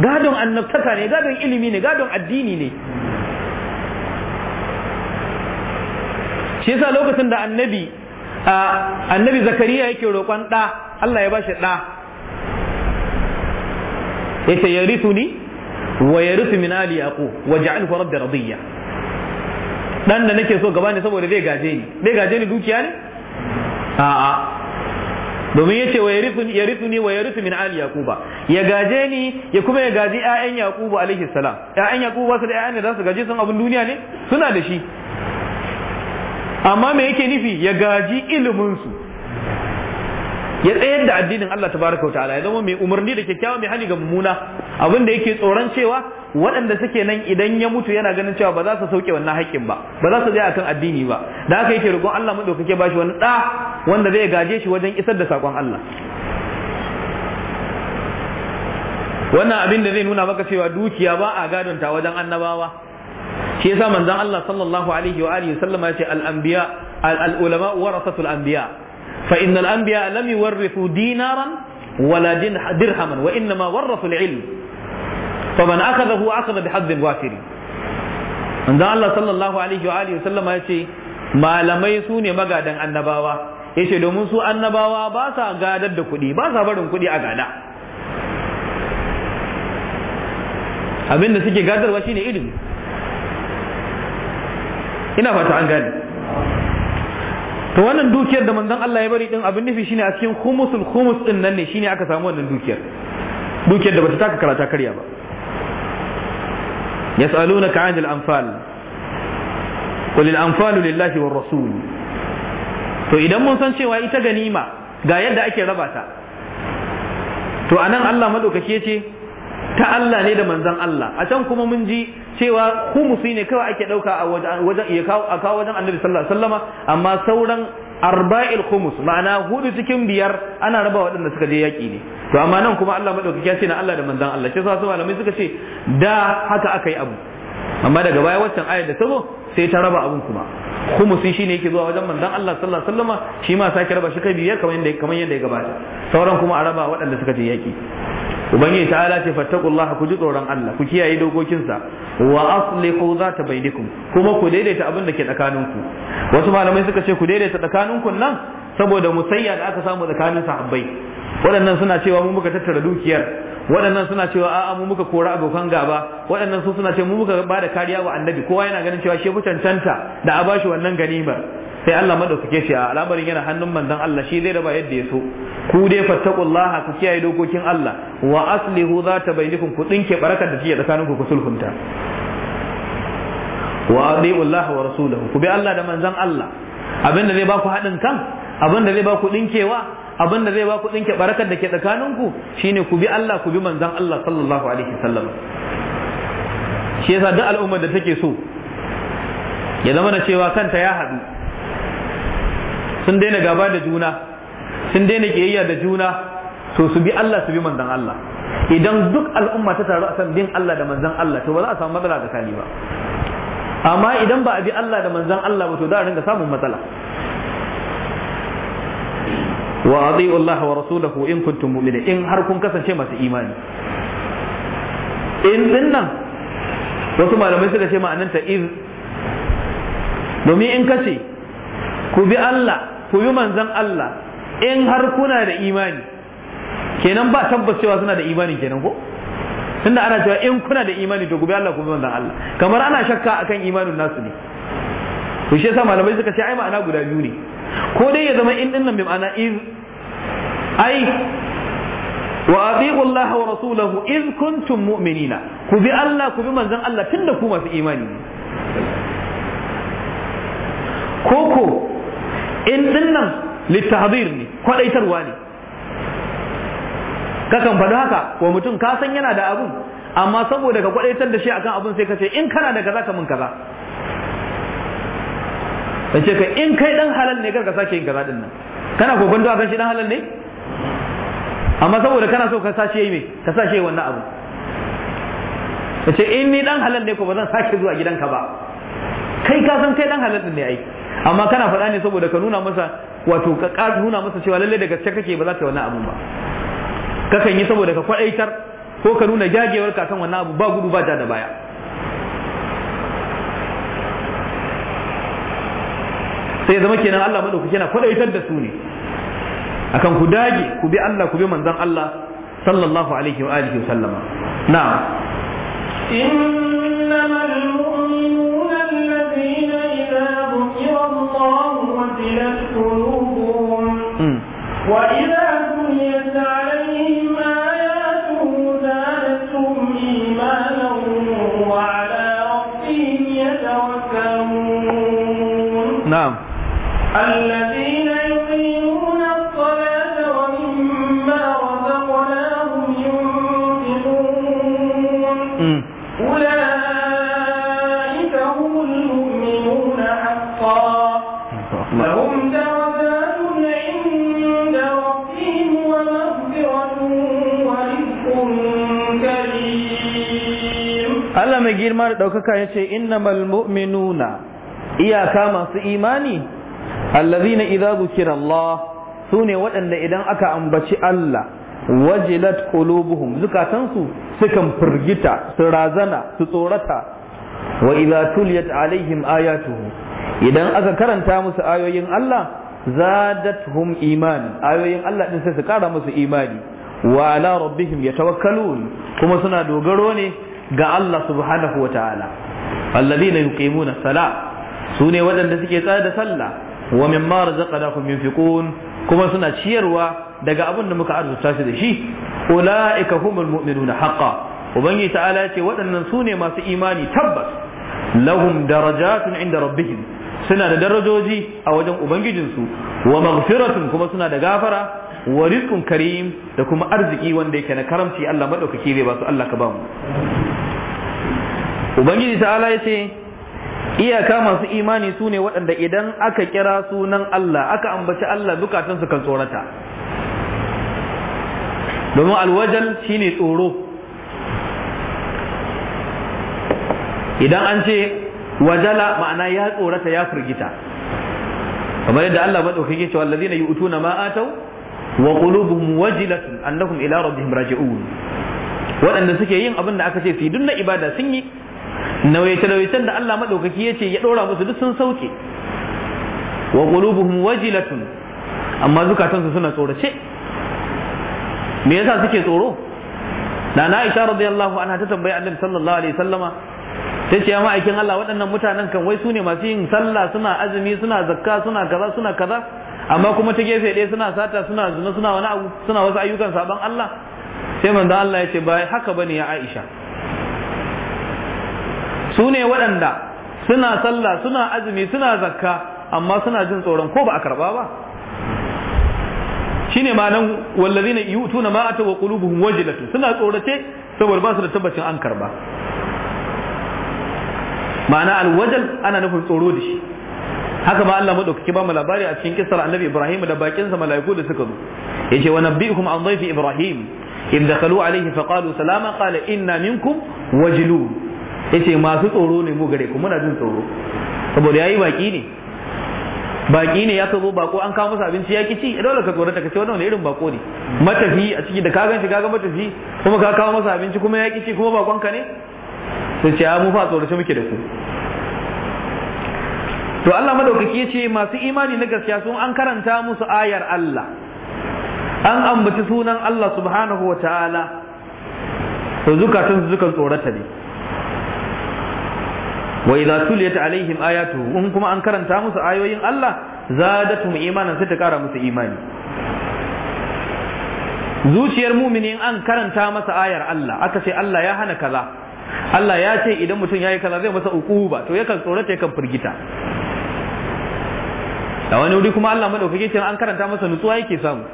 A: gadon annabtaka ne gadon ilimi ne gadon addini ne shi yasa lokacin da annabi annabi zakariya yake roƙon ɗa Allah ya bashi ɗa yace ni wa yarisu min ali wa ja'alhu rabbi radiya dan da nake so gaba ne saboda zai gaje ni zai gaje ni dukiya ne a'a domin ya ce ya rufu ni wa ya rufu min ali yaquba ya gaje ni ya kuma ya gaji ƴaƴan yaqubu alaihi salam ƴaƴan yaqubu ba su da ƴaƴan da su gaje sun abin duniya ne suna da shi amma me yake nufi ya gaji ilimin su ya tsayar da addinin Allah tabaraka wa ta'ala ya zama mai umarni da kyakkyawa mai hali ga mummuna abin da yake tsoron cewa waɗanda suke nan idan ya mutu yana ganin cewa ba za su sauke wannan haƙƙin ba ba za su je akan addini ba da haka yake roƙon Allah mu dauke bashi wani ɗa wanda zai gaje shi wajen isar da sakon Allah wannan abin da zai nuna maka cewa dukiya ba a gadonta wajen annabawa shi yasa manzon Allah sallallahu alaihi wa alihi sallama ya ce al anbiya al ulama warasatul anbiya fa innal anbiya lam yuwarrithu dinaran wala dirhaman wa innama warrasu al fa man akhadahu akhadha bi hadd wafiri manzo Allah sallallahu alaihi wa alihi sallama yace malamai su ne magadan annabawa yace domin su annabawa ba gadar da kuɗi ba barin kuɗi a gada abin da suke shine ilimi ina an to wannan dukiyar da manzon Allah ya bari din abin nufi shine a cikin khumusul khumus din nan ne shine aka samu wannan dukiyar dukiyar da bata taka karata karya ba yas'alunaka 'anil anfal qul al-anfalu lillahi war rasul to idan mun san cewa ita ganima ga yadda ake raba ta to anan Allah madaukaki yace ta Allah ne da manzon Allah a can kuma mun ji cewa humusi ne kawai ake ɗauka a kawo a kawo wajen Annabi sallallahu amma sauran arba'il khumus ma'ana hudu cikin biyar ana raba waɗanda suka je yaƙi ne to amma nan kuma Allah madaukaki ya ce na Allah da manzon Allah sai su malamai suka ce da haka aka yi abu amma daga baya waccan ayar da ta sai ta raba abun kuma khumusin ne yake zuwa wajen manzon Allah sallallahu alaihi wasallama shi ma sake raba shi kai biyar kamar yadda kamar yadda ya gabata sauran kuma a raba waɗanda suka je yaƙi ubangiji ta'ala ce fattaqullaha ku ji tsoron Allah ku kiyaye dokokinsa wa aslihu zata bainakum kuma ku daidaita abin da ke tsakaninku wasu malamai suka ce ku daidaita tsakaninku nan saboda musayya da aka samu tsakanin sahabbai waɗannan suna cewa mu muka tattara dukiyar waɗannan suna cewa a'a mu muka kora abokan gaba waɗannan su suna cewa mu muka ba da kariya wa annabi kowa yana ganin cewa shi cancanta da a bashi wannan ganimar sai Allah madaukake shi a al'amarin yana hannun manzon Allah shi zai raba yadda ya so ku dai fattaqullaha ku kiyaye dokokin Allah wa aslihu zata bainakum ku dinke barakar da take tsakaninku ku sulhunta wa adiullaha wa rasulahu ku bi Allah da manzon Allah abinda zai ba ku haɗin kan abinda zai ba ku dinkewa da zai ba ku dinke barakar da ke tsakaninku shine ku bi Allah ku bi manzon Allah sallallahu alaihi wasallam shi yasa duk al'ummar da take so ya zama da cewa kanta ya haɗu sun daina gaba da juna sun daina kiyayya da juna to su bi Allah su bi manzon Allah idan duk al'umma ta taru a san bin Allah da manzon Allah to ba za a samu matsala ga kali ba amma idan ba a bi Allah da manzon Allah ba to za a ringa samun matsala wa adi'u Allah wa rasulahu in kuntum mu'minin in har kun kasance masu imani in din nan wasu malamai suka ce ma'ananta in domin in kace ku bi Allah ku yi manzan Allah in har kuna da imani kenan ba tabbas cewa suna da imani kenan ko tunda ana cewa in kuna da imani to ku bi Allah ku bi manzan Allah kamar ana shakka akan imanin nasu ne to shi yasa malamai suka ce ai ma'ana guda biyu ne ko dai ya zama in dinnan bi ma'ana in, ai wa atiqu Allah wa rasulahu iz kuntum mu'minina ku bi Allah ku bi manzan Allah tunda ku masu imani ne koko in din nan littahdir ne kwadaitarwa ne kakan faɗi haka wa mutum ka san yana da abun amma saboda ka kwadaitar da shi akan abun sai ka ce in kana da kaza ka mun kaza dan ce ka in kai dan halal ne karka sake yin kaza din nan kana kokon da kan shi dan halal ne amma saboda kana so ka sace yi me ka sace wannan abu ka ce in ni dan halal ne ko ba zan sake zuwa gidanka ba kai ka san kai dan halal din ne ai amma kana faɗa ne saboda ka nuna masa wato ka nuna masa cewa lallai da gaske kake ba za ka yi wannan abun ba kakan yi saboda ka kwaɗaitar ko ka nuna jagewar ka kan wannan abu ba gudu ba ja da baya sai zama kenan Allah madaukaki yana kwaɗaitar da su ne akan ku dage ku bi Allah ku bi manzon Allah sallallahu alaihi wa alihi wa sallama na'am وإن girma da ɗaukaka ya ce innamal mu'minuna iyaka masu imani allazina idza zukira Allah su ne waɗanda idan aka ambaci Allah wajilat qulubuhum zukatansu sukan firgita su razana su tsorata wa idza tuliyat alaihim ayatuhu idan aka karanta musu ayoyin Allah zadatuhum iman ayoyin Allah din sai su kara musu imani wa ala rabbihim yatawakkalun kuma suna dogaro ne ga Allah subhanahu wa ta'ala alladhina yuqimuna as-salah sune waɗanda suke tsaya da sallah wa mimma razaqnakum yunfiqun kuma suna ciyarwa daga abin da muka arzuta shi da shi ulaika humul mu'minuna haƙa. Ubangiji ta'ala ce waɗannan sune masu imani tabbas lahum darajatun inda rabbihim suna da darajoji a wajen ubangijinsu wa maghfiratun kuma suna da gafara wa rizqun karim da kuma arziki wanda yake na karamci Allah maɗaukaki zai ba su Allah ka ba mu ubangiji ta'ala ya ce iyaka masu imani su ne waɗanda idan aka kira sunan Allah aka ambaci Allah zukatansu kan tsorata domin alwajal shine tsoro idan an ce wajala ma'ana ya tsorata ya firgita kamar yadda Allah maɗaukaki ya ce wallazina yu'tuna ma ma'atau wa qulubuhum wajilatun annahum ila rabbihim raji'un waɗanda suke yin abin da aka ce su yi dunna ibada sun yi nauyace-nauyacen da Allah maɗaukaki ya ce ya ɗora musu duk sun sauke wa qulubuhum wajilatun amma zukatansu suna tsorace me yasa suke tsoro da na Aisha radiyallahu anha ta tambayi Annabi sallallahu alaihi wasallama ta ce ya ma'aikin Allah waɗannan mutanen kan wai su ne masu yin sallah suna azumi suna zakka suna kaza suna kaza amma kuma ta gefe ɗaya suna sata suna zina suna wani abu suna wasu ayyukan saban Allah sai manzo Allah ya ce ba haka bane ya Aisha su ne waɗanda suna sallah suna azumi suna zakka amma suna jin tsoron ko ba a karba ba shine ma'anan wallazina yutuna ma ata wa qulubuhum wajilatu suna tsorace saboda ba su da tabbacin an karba ma'ana alwajal ana nufin tsoro da shi haka ma Allah madaukaki ba mu labari a cikin kisar annabi Ibrahim da bakinsa mala'iku da suka zo yace wa nabbi'ukum an dhayfi Ibrahim إذ دخلوا fa فقالوا salama قال إنا منكم وجلون yace masu tsoro ne mu gare ku muna jin tsoro saboda yayi baki ne baki ne ya ka zo bako an kawo masa abinci ya kici dole ka tsorata ka ce wannan irin bako ne matafi a ciki da ka gan shi ka ga matafi kuma ka kawo masa abinci kuma ya kici kuma bakon ka ne to ce mu fa tsorace muke da ku to Allah madaukaki ya ce masu imani na gaskiya sun an karanta musu ayar Allah an ambaci sunan Allah subhanahu wa ta'ala to zukatan zukan tsorata ne wa idza tuliyat alaihim ayatu in kuma an karanta musu ayoyin Allah zadatum imanan sai ta kara musu imani zuciyar mumini an karanta masa ayar Allah aka ce Allah ya hana kaza Allah ya ce idan mutum ya yi kaza zai masa ukuba to yakan tsorata yakan firgita a wani wuri kuma Allah madaukake ce an karanta masa nutsuwa yake samu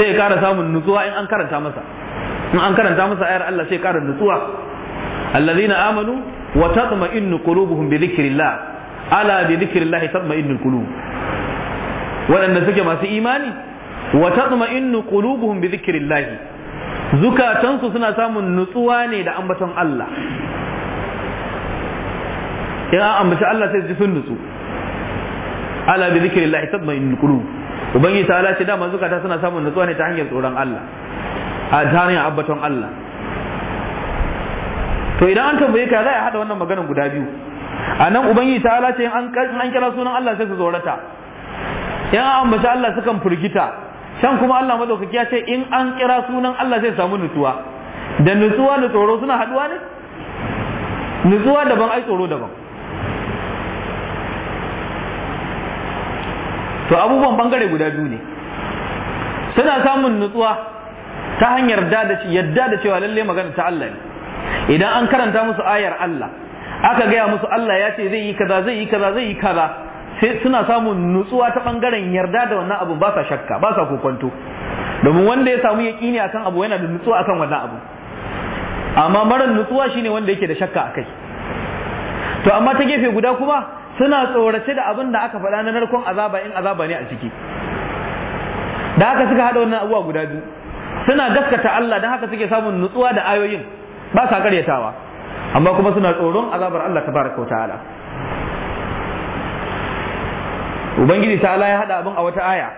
A: sai ya kara samun nutsuwa in an karanta masa in an karanta masa ayar Allah sai ya kara nutsuwa allazina amanu wa tatma'innu qulubuhum bi dhikrillah ala bi dhikrillah tatma'innul qulub waɗanda suke masu imani wa tatma'innu qulubuhum bi dhikrillah
C: zukatansu
A: suna samun nutsuwa ne da ambaton Allah in an ambaci Allah sai su ji sun nutsu ala bi dhikrillah tatma'innul qulub ubangiji ta ce dama zukata suna samun nutsuwa ne ta hanyar tsoron Allah a ta hanyar ambaton Allah to idan an tambaye ka za a hada wannan maganar guda biyu a nan ubangiji ta halace in an kira sunan Allah sai su zorata in an ambaci Allah sukan firgita can kuma Allah madaukaki ya ce in an kira sunan Allah sai samu nutsuwa da nutsuwa da tsoro suna haduwa ne nutsuwa daban ai tsoro daban to abubuwan bangare guda biyu ne suna samun nutsuwa ta hanyar yadda da cewa lalle magana ta Allah ne idan an karanta musu ayar Allah aka gaya musu Allah ya ce zai yi kaza zai yi kaza zai yi kaza sai suna samun nutsuwa ta bangaren yarda da wannan abu ba sa shakka ba sa kokonto domin wanda ya samu kini akan abu yana da nutsuwa akan wannan abu amma nutsuwa shine wanda yake da shakka akai to amma ta gefe guda kuma suna tsorace da abin da aka faɗa na narkon azaba in azaba ne a ciki da haka suka haɗa wannan abuwa guda biyu suna gaskata Allah don haka suke samun nutsuwa da ayoyin ba sa karyatawa amma kuma suna tsoron azabar Allah baraka ta'ala
C: ubangiji ta'ala
A: ya hada abin a wata aya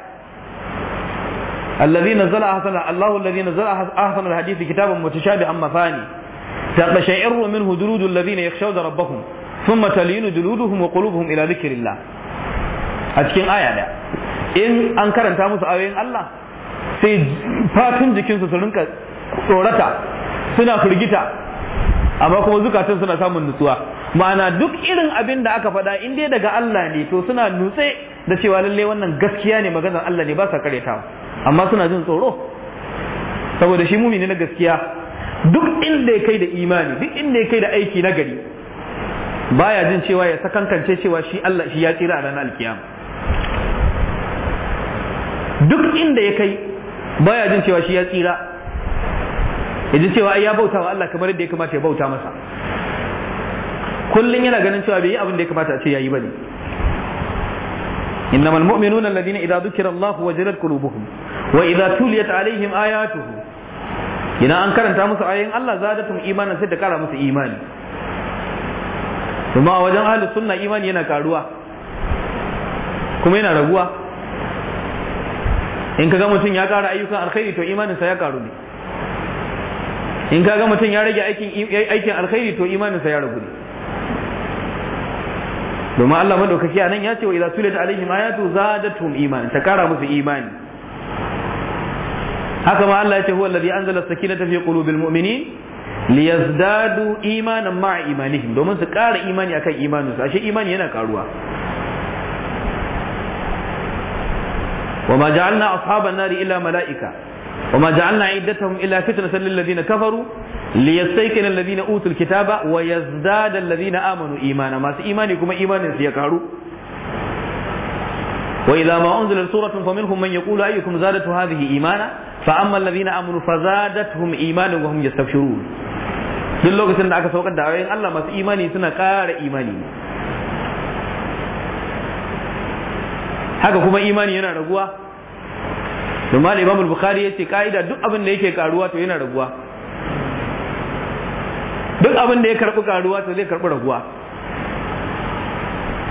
A: الذي نزل أحسن الله الذي نزل أحسن الحديث كتابا متشابها مثاني تقشعر منه جلود الذين يخشون ربهم ثم تلين جلودهم وقلوبهم إلى ذكر الله أتكين آية ده in an karanta musu ayoyin Allah sai fatun jikinsu su rinka tsorata suna firgita amma kuma zukatan suna samun nutsuwa ma'ana duk irin abin da aka faɗa in dai daga Allah ne to suna nutse da cewa lalle wannan gaskiya ne maganar Allah ne ba sa karetawa amma suna jin tsoro saboda shi mumini na gaskiya duk inda ya kai da imani duk inda ya kai da aiki na gari baya jin cewa ya sakankance cewa shi Allah shi ya tsira a ranar alkiyama duk inda ya kai baya jin cewa shi ya tsira ya ji cewa ai ya bauta wa Allah kamar yadda ya kamata ya bauta masa kullum yana ganin cewa bai yi abin da ya kamata a ce ya yi ba ne. yayi bane إنما المؤمنون الذين إذا ذكر الله وجلت قلوبهم وإذا تليت عليهم Idan an karanta musu ayoyin Allah zadatun imanin sai da kara musu imani kuma wajen ahlus sunna imani yana karuwa kuma yana raguwa in ka ga mutum ya kara ayyukan alkhairi to imaninsa ya karu ne in kaga mutum ya rage aikin aikin alkhairi to imaninsa ya ragu domin Allah madaukaki a nan ya ce wa idza tulat alaihim ayatu zadatum iman ta kara musu imani haka ma Allah ya ce huwa alladhi anzala sakinata fi qulubil mu'minin liyazdadu imanan ma'a imanihim domin su kara imani akan imaninsu ashe imani yana karuwa وما جعلنا أصحاب النار إلا ملائكة وما جعلنا عدتهم إلا فتنة للذين كفروا
C: ليستيقن
A: الذين أوتوا الكتاب ويزداد الذين آمنوا إيمانا ما إيمانكم إيمانا سيكاروا وإذا ما أنزل سورة فمنهم من يقول أيكم زادت هذه إيمانا فأما الذين آمنوا فزادتهم إيمانا وهم يستبشرون duk lokacin da aka saukar da ayoyin Allah masu imani suna ƙara imani haka kuma imani yana raguwa to da imam al ya ce kaida duk abin da yake karuwa to yana raguwa duk abin da ya karɓi karuwa to zai karbi raguwa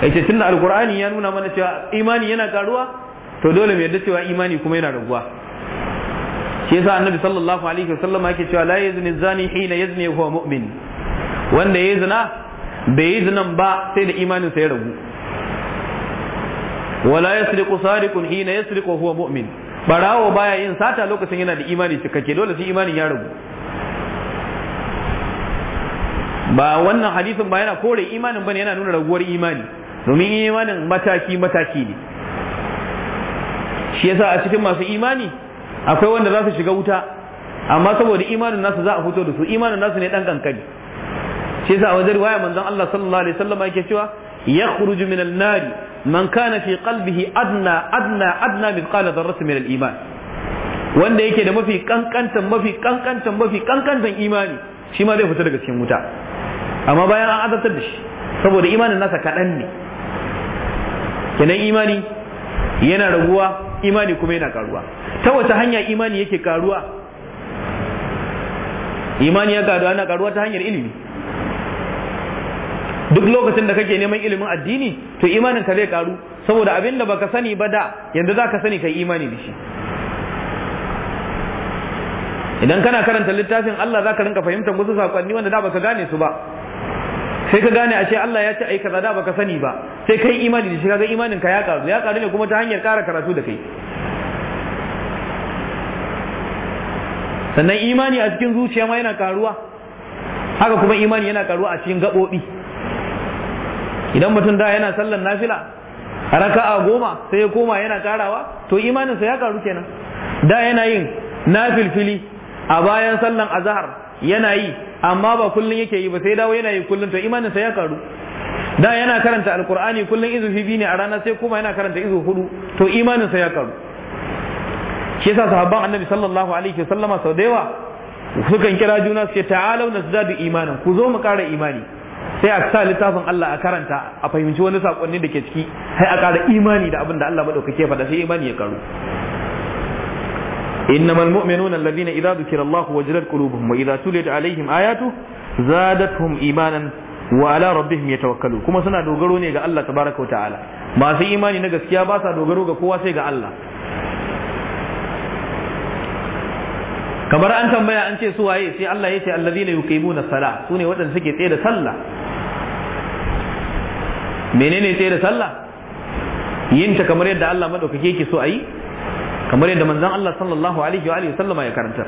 A: yace tunda alqur'ani ya nuna mana cewa imani yana karuwa to dole mai yarda cewa imani kuma yana raguwa shi yasa annabi sallallahu alaihi wasallam yake cewa la yazni zani hina yazni huwa mu'min wanda ya zina bai yi zinan ba sai da imaninsa ya ragu wala yasriqu sariqun hina yasriqu huwa mu'min barawo baya yin sata lokacin yana da imani cikakke dole sai imanin ya ragu ba wannan hadisin ba yana kore imanin bane yana nuna raguwar imani domin imanin mataki mataki ne shi yasa a cikin masu imani akwai wanda za su shiga wuta amma saboda imanin nasu za a fito da su imanin nasu ne dan kankani shi yasa a wajen riwaya manzon Allah sallallahu alaihi wasallam yake cewa yakhruju min an-nar man kana fi qalbihi adna adna adna mithqala dharratin min al-iman wanda yake da mafi kankantan mafi kankantan mafi kankantan imani shi zai fita daga cikin wuta amma bayan an azabtar da shi saboda imanin nasa kaɗan ne kenan imani yana raguwa imani kuma yana karuwa ta wata hanya imani yake karuwa imani ya karuwa karuwa ta hanyar ilimi duk lokacin da kake neman ilimin addini to imanin ka zai karu saboda abin da baka sani ba da yanzu za ka sani kai imani da shi idan kana karanta littafin Allah za ka rinka fahimtar wasu sakonni wanda da baka gane su ba sai ka gane a ce Allah ya ce ai kaza da baka sani ba sai kai imani da shi kaga imanin ka ya karu ya karu ne kuma ta hanyar ƙara karatu da kai sannan imani a cikin zuciya ma yana karuwa haka kuma imani yana karuwa a cikin gaɓoɓi idan mutum da yana sallan nafila a raka'a goma sai ya koma yana karawa to imaninsa ya karu kenan da yana yin nafilfili a bayan sallan azhar yana yi amma ba kullun yake yi ba sai dawo yana yi kullun to imaninsa ya karu da yana karanta alkur'ani kullun izufi bi ne a rana sai koma yana karanta izu hudu to imaninsa ya karu shi yasa sahabban annabi sallallahu alaihi wasallama sau da yawa sukan kira juna su ce ta'alau nazdadu imanan ku zo mu kara imani Sai a shiga littafin Allah a karanta a fahimci wani saƙonni da ke ciki, sai a ƙara imani da abinda Allah baɗo ka ke faɗa, sai imani ya ƙaru. In na malmome nuna lafiyana idan zikirallahu wajen ƙulubu, mu idan turetu aIlihim ayatu, zaɗatun imanin wahalhara bihumi ya tawakkalu, kuma suna dogaro ne ga Allah Ta-Barakau Ta'ala. Masu imani na gaskiya ba sa dogaro ga sai ga Allah. Kamar an tambaya an ce su waye sai Allah ya ce al-lazi na Yaukayi mun a waɗanda su ke da sallah. menene sai da sallah yin ta kamar yadda Allah madaukake yake so a yi kamar yadda manzon Allah sallallahu alaihi wa alihi sallama ya karantar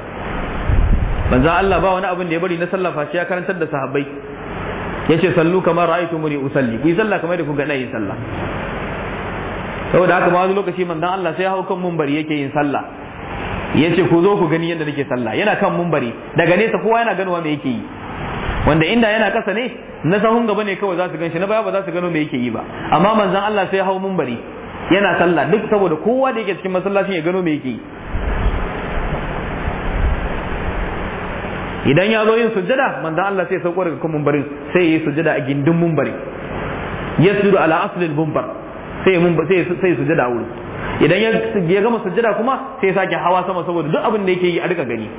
A: manzon Allah ba wani abin da ya bari na sallah shi ya karantar da sahabbai yace sallu kamar muri usalli ku yi sallah kamar da ku ga yin sallah saboda haka ba wani lokaci manzon Allah sai ya hau kan munbari yake yin sallah yace ku zo ku gani yadda nake sallah yana kan munbari daga nesa kowa yana ganowa me yake yi wanda inda yana kasa ne na sahun gaba ne kawai za su ganshi na baya ba za su gano me yake yi ba amma manzon Allah sai hau munbari yana sallah duk saboda kowa da yake cikin masallacin ya gano me yake yi idan ya zo yin sujjada manzon Allah sai sauko daga kan mumbarin sai yi sujjada a gindin mumbari yasjudu ala aslil mumbar sai mumbar sai sai sujjada wurin idan ya gama sujjada kuma sai ya sake hawa sama saboda duk abin da yake yi a duka gani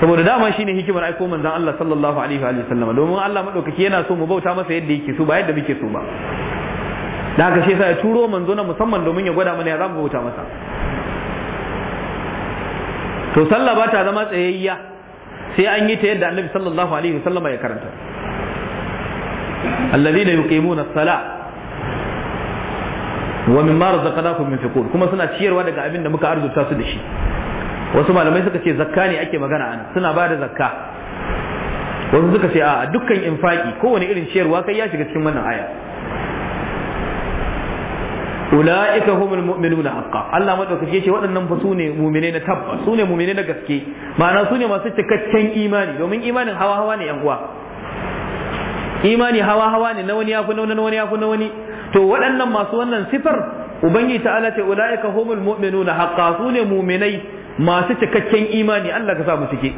A: saboda dama shine hikimar aiko manzon Allah sallallahu alaihi wa sallam domin Allah madaukaki yana so mu bauta masa yadda yake so ba yadda muke so ba da haka shi yasa ya turo manzo na musamman domin ya gwada mana ya zamu bauta masa to sallah ba ta zama tsayayya sai an yi ta yadda annabi sallallahu alaihi wa sallama ya karanta alladhina yuqimuna as-salah wa mimma razaqnakum yunfiqun kuma suna ciyarwa daga abin da muka arzuta su da shi wasu malamai suka ce zakka ne ake magana ana suna ba da zakka wasu suka ce a dukkan infaki kowane irin ciyarwa kai ya shiga cikin wannan aya ulaika humul mu'minuna haqqan Allah madaukaki yace waɗannan fa sune mu'mine na tabba sune mu'mine na gaske ma'ana sune masu cikakken imani domin imanin hawa hawa ne yan uwa imani hawa hawa ne na wani ya fi na wani na wani ya fi na wani to waɗannan masu wannan sifar ubangiji ta'ala ce ulaika humul mu'minuna haqqan sune mu'minai masu cikakken imani Allah ka sa mu cike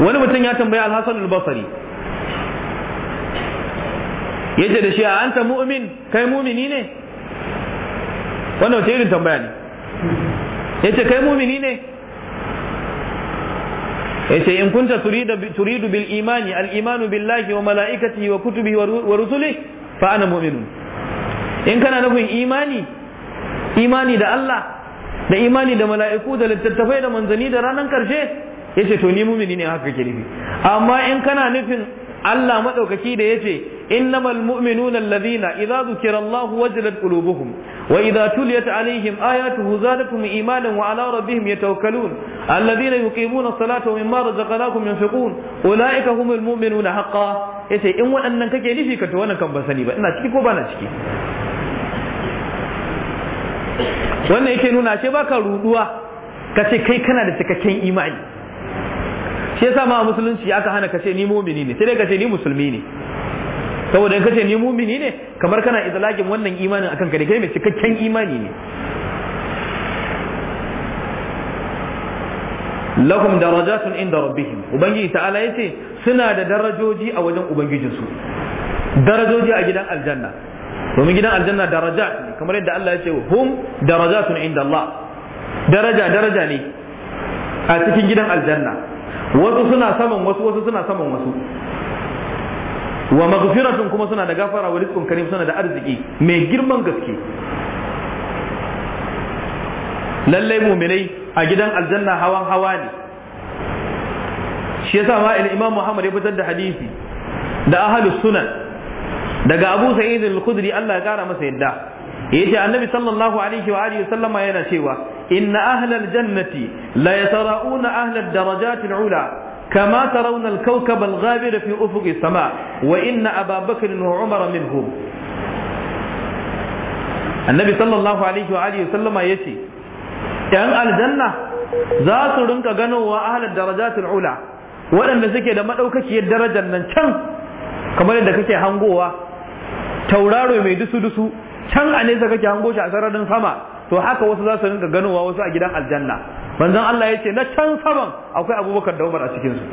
A: wani mutum ya tambaya al-Hasan al-Basri yace da shi a anta mu'min kai mumini ne wannan wace irin tambaya ne yace kai mumini ne yace in kunta turidu turidu bil imani al imanu billahi wa malaikatihi wa kutubihi wa rusulihi fa ana mu'minun in kana nufin imani imani da Allah da imani da mala'iku da littattafai da manzani da ranar karshe yace to ni mumini ne haka ke nufi amma in kana nufin Allah madaukaki da yace innamal mu'minuna alladhina idza dhukira Allah wajalat qulubuhum wa idza tuliyat alaihim ayatuhu zadatuhum imanan wa ala rabbihim yatawakkalun alladhina yuqimuna as-salata wa mimma razaqnahum yunfiqun ulaika humul mu'minuna Ya ce in waɗannan kake nufi ka to wannan kan ba sani ba ina ciki ko bana ciki wannan yake nuna ce baka ruduwa ka ce kai kana da cikakken imani shi yasa ma musulunci aka hana ka ce ni mumini ne sai dai ka ce ni musulmi ne saboda in ka ce ni mumini ne kamar kana izlagin wannan imanin akan ka da kai mai cikakken imani ne lahum darajatun inda rabbihim ubangiji ta'ala yace suna da darajoji a wajen ubangijinsu darajoji a gidan aljanna domin gidan aljanna daraja ne kamar yadda Allah ya ce hum darajatun inda Allah daraja daraja ne a cikin gidan aljanna wasu suna saman wasu wasu suna saman wasu wa maghfiratun kuma suna da gafara wa rizqun karim suna da arziki mai girman gaske lallai muminai a gidan aljanna hawan hawa ne shi yasa ma imam Muhammad ya fitar da hadisi da ahlus sunan daga Abu Sa'id al-Khudri Allah ya kara masa yadda yace annabi sallallahu alaihi wa alihi sallama yana cewa inna ahlal jannati la yatara'una ahlad darajati al-ula كما ترون الكوكب الغابر في أفق السماء وإن أبا بكر وعمر منهم النبي صلى الله عليه وآله sallama yace ‘yan aljanna za su rinka ganowa ahalar darajatun ula waɗanda suke da maɗaukakiyar darajar nan can kamar yadda kake hangowa tauraro mai dusu dusu can a nesa kake hango shi a sararin sama to haka wasu za su rinka ganowa wasu a gidan aljanna manzon Allah ya ce na can saman akwai abubakar da umar a cikin su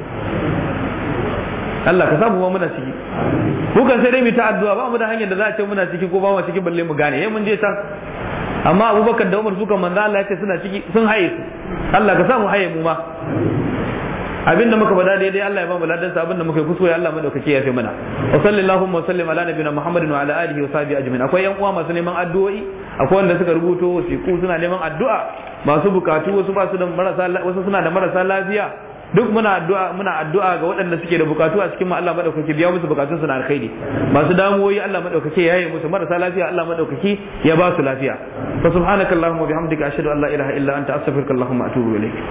A: Allah ka samu muna ciki mu kan sai dai mu ta addu'a ba mu da hanyar da za a ce muna ciki ko ba mu ciki balle mu gane eh mun je ta amma abubakar da umar su kan manzon Allah ya ce suna ciki sun haye su Allah ka samu haye mu ma abinda muka faɗa daidai Allah ya ba mu ladan sa abinda muka yi kuskure Allah madaukake ya fi mana wa sallallahu wa sallim ala nabiyina muhammadin wa ala alihi wa sahbihi ajma'in akwai yan uwa masu neman addu'o'i akwai wanda suka rubuto wasiku suna neman addu'a masu bukatu wasu ba su da marasa wasu suna da marasa lafiya duk muna addu'a muna addu'a ga waɗanda suke da bukatu a cikin Allah madaukake biya musu bukatun su na alkhairi masu damuwoyi Allah ya yi musu marasa lafiya Allah madaukake ya ba su lafiya fa subhanakallahumma bihamdika ashhadu an la ilaha illa anta astaghfiruka wa atubu ilaik